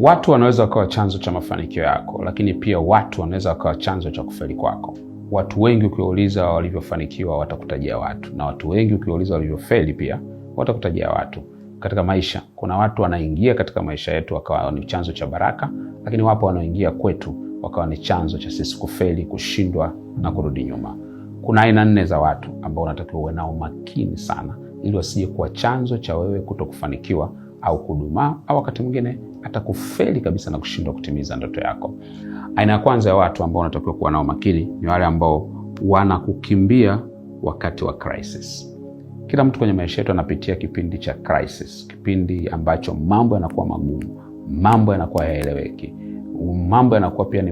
Watu wanaweza wakawa chanzo cha mafanikio yako, lakini pia watu wanaweza wakawa chanzo cha kufeli kwako. Watu wengi ukiwauliza walivyofanikiwa watakutajia watu, na watu wengi ukiwauliza walivyofeli pia watakutajia watu. Katika maisha kuna watu wanaingia katika maisha yetu wakawa ni chanzo cha baraka, lakini wapo wanaoingia kwetu wakawa ni chanzo cha sisi kufeli, kushindwa na kurudi nyuma. Kuna aina nne za watu ambao unatakiwa uwe nao makini sana, ili wasije kuwa chanzo cha wewe kuto kufanikiwa au kudumaa au wakati mwingine hata kufeli kabisa na kushindwa kutimiza ndoto yako. Aina ya kwanza ya watu ambao wanatakiwa kuwa nao makini ni wale ambao wanakukimbia wakati wa crisis. Kila mtu kwenye maisha yetu anapitia kipindi cha crisis, kipindi ambacho mambo yanakuwa magumu, mambo yanakuwa hayaeleweki, mambo yanakuwa pia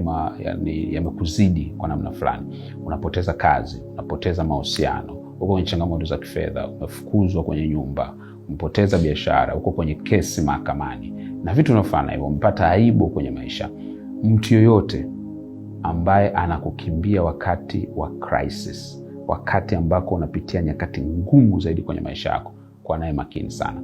yamekuzidi ya kwa namna fulani. Unapoteza kazi, unapoteza mahusiano, uko kwenye changamoto za kifedha, umefukuzwa kwenye nyumba umepoteza biashara, uko kwenye kesi mahakamani na vitu vinavyofanana hivyo, umepata aibu kwenye maisha. Mtu yoyote ambaye anakukimbia wakati wa crisis, wakati ambako unapitia nyakati ngumu zaidi kwenye maisha yako, kwa naye makini sana.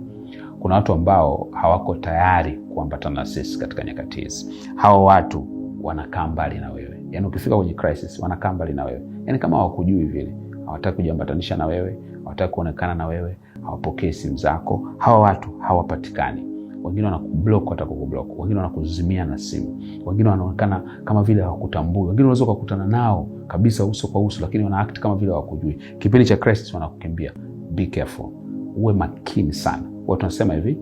Kuna watu ambao hawako tayari kuambatana na sisi katika nyakati hizi. Hao watu wanakaa mbali na wewe, yani ukifika kwenye crisis wanakaa mbali na wewe, yani kama hawakujui vile, hawataki kujiambatanisha na wewe, hawataki kuonekana na wewe, hawapokei simu zako. Hawa watu hawapatikani. Wengine wanakublok, hata kukublok, Wengine wanakuzimia na simu. Wengine wanaonekana kama vile hawakutambui. Wengine unaweza ukakutana nao kabisa uso kwa uso, lakini wana act kama vile hawakujui. Kipindi cha crisis wanakukimbia. Be careful, uwe makini sana. Watu wanasema hivi,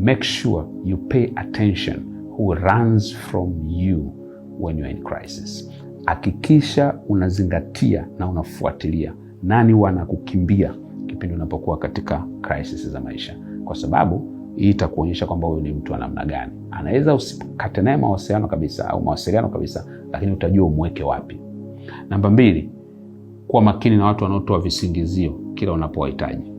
make sure you pay attention who runs from you when you are in crisis. Hakikisha unazingatia na unafuatilia nani wanakukimbia pindi unapokuwa katika crisis za maisha, kwa sababu hii itakuonyesha kwamba huyu ni mtu wa namna gani. Anaweza usikate naye mawasiliano kabisa au mawasiliano kabisa, lakini utajua umweke wapi. Namba mbili, kuwa makini na watu wanaotoa visingizio kila unapowahitaji,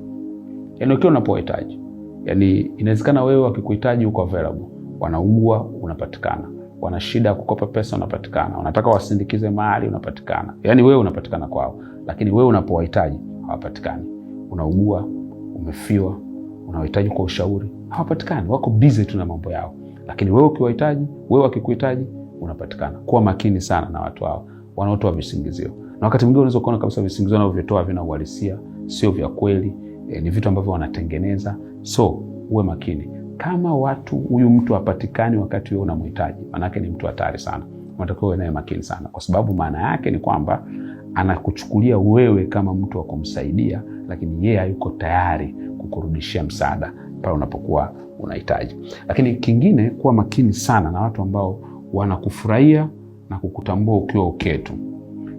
yani kila unapowahitaji. Yani inawezekana wewe wakikuhitaji uko available, wanaugua unapatikana, wana shida ya kukopa pesa unapatikana, unataka wasindikize mahali unapatikana, yani wewe unapatikana kwao, lakini wewe unapowahitaji hawapatikani unaugua, umefiwa, unawahitaji kwa ushauri, hawapatikani, wako busy tu na mambo yao. Lakini wewe ukiwahitaji, wewe akikuhitaji, unapatikana. Kuwa makini sana na watu hao wanaotoa visingizio, na wakati mwingine unaweza kuona kabisa visingizio wanavyotoa vina uhalisia, sio vya kweli, e, ni vitu ambavyo wanatengeneza. So uwe makini kama watu, huyu mtu hapatikani wakati wewe unamhitaji, maanake ni mtu hatari sana unatakiwa uwe naye makini sana, kwa sababu maana yake ni kwamba anakuchukulia wewe kama mtu wa kumsaidia, lakini yeye hayuko tayari kukurudishia msaada pale unapokuwa unahitaji. Lakini kingine, kuwa makini sana na watu ambao wanakufurahia na kukutambua ukiwa uketu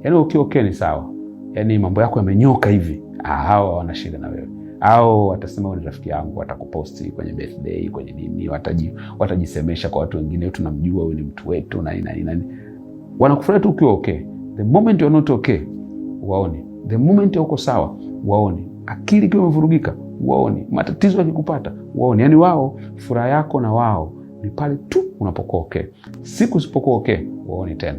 yani ukiwa uke ni sawa, yani mambo yako yamenyoka hivi, ah, hawa wana shida na wewe au watasema ni rafiki yangu, watakuposti kwenye birthday, kwenye nini, wataji watajisemesha kwa watu wengine, tunamjua huyu ni mtu wetu na nini nini. Wanakufurahi tu ukiwa okay. The moment you're not okay, waone. The moment uko sawa, waone. Akili ikiwa imevurugika, waone. Matatizo yakikupata, waone. Yani wao furaha yako na wao ni pale tu unapokuwa okay. Siku usipokuwa okay, waone tena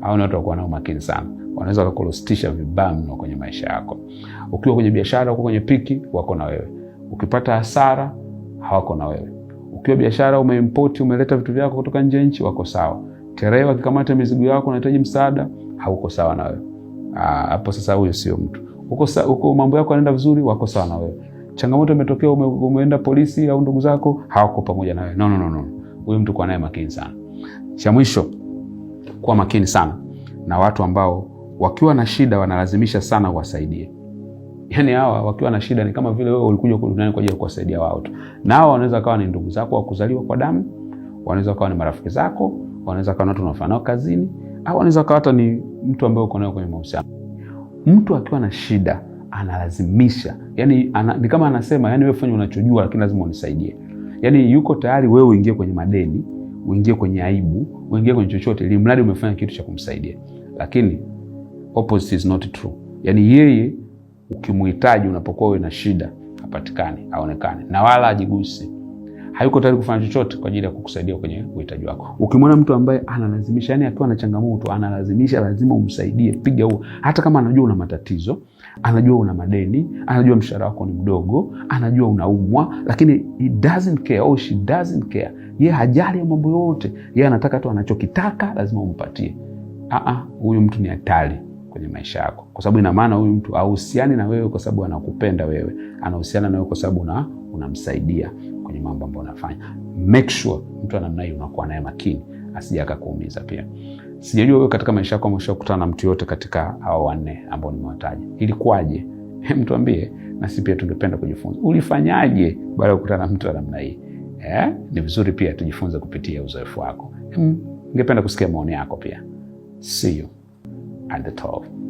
au ni watu wakuwa kuwa nao makini sana, wanaweza wakakulostisha vibaya mno kwenye maisha yako. Ukiwa kwenye biashara, uko kwenye piki, wako na wewe. Ukipata hasara, hawako na wewe. Ukiwa biashara, umeimpoti, umeleta vitu vyako kutoka nje nchi, wako sawa. Terehe wakikamata mizigo yako, unahitaji msaada, hauko sawa na wewe ah, hapo. Sasa huyo sio mtu uko, uko mambo yako yanaenda vizuri, wako sawa na wewe. Changamoto imetokea, ume, umeenda polisi au ndugu zako hawako pamoja na wewe. No, no, no, no. Huyu mtu kwa naye makini sana. Cha mwisho kuwa makini sana na watu ambao wakiwa na shida wanalazimisha sana uwasaidie. Yaani hawa wakiwa na shida ni kama vile wewe ulikuja duniani kwa ajili ya kuwasaidia wao tu, na hawa wanaweza kawa ni ndugu zako wa kuzaliwa kwa damu, wanaweza kawa ni marafiki zako, wanaweza kawa watu unaofanya nao kazini, au wanaweza kawa hata ni mtu ambaye uko nayo kwenye mahusiano. Mtu akiwa na shida analazimisha, yaani ana, ni kama anasema, yani, wewe fanya unachojua, lakini lazima unisaidie. Yaani yuko tayari wewe uingie kwenye madeni uingie kwenye aibu, uingie kwenye chochote, ili mradi umefanya kitu cha kumsaidia. Lakini opposite is not true, yani yeye ukimhitaji, unapokuwa wewe na shida, hapatikani, haonekani na wala ajigusi, hayuko tayari kufanya chochote kwa ajili ya kukusaidia kwenye uhitaji wako. Ukimwona mtu ambaye analazimisha, yani akiwa na changamoto analazimisha, lazima umsaidie, piga huo, hata kama anajua una matatizo, anajua una madeni, anajua mshahara wako ni mdogo, anajua unaumwa, lakini he doesn't care, or she doesn't care ye hajali ya mambo yote, ye anataka tu anachokitaka lazima umpatie. Huyu mtu ni hatari kwenye maisha yako, kwa sababu ina maana huyu mtu ahusiani na wewe kwa sababu anakupenda wewe, anahusiana na wewe kwa sababu una unamsaidia kwenye mambo ambayo unafanya. Make sure mtu ana namna hiyo unakuwa naye makini, asije akakuumiza pia. Sijajua wewe katika maisha yako umeshakutana na mtu yote katika hao wanne ambao nimewataja, ilikuwaje? Hem, tuambie, na sisi pia tungependa kujifunza. Ulifanyaje baada ya kukutana na mtu wa namna hii? eh, ni vizuri pia tujifunze kupitia uzoefu wako. Hmm. Ningependa kusikia maoni yako pia. See you at the top.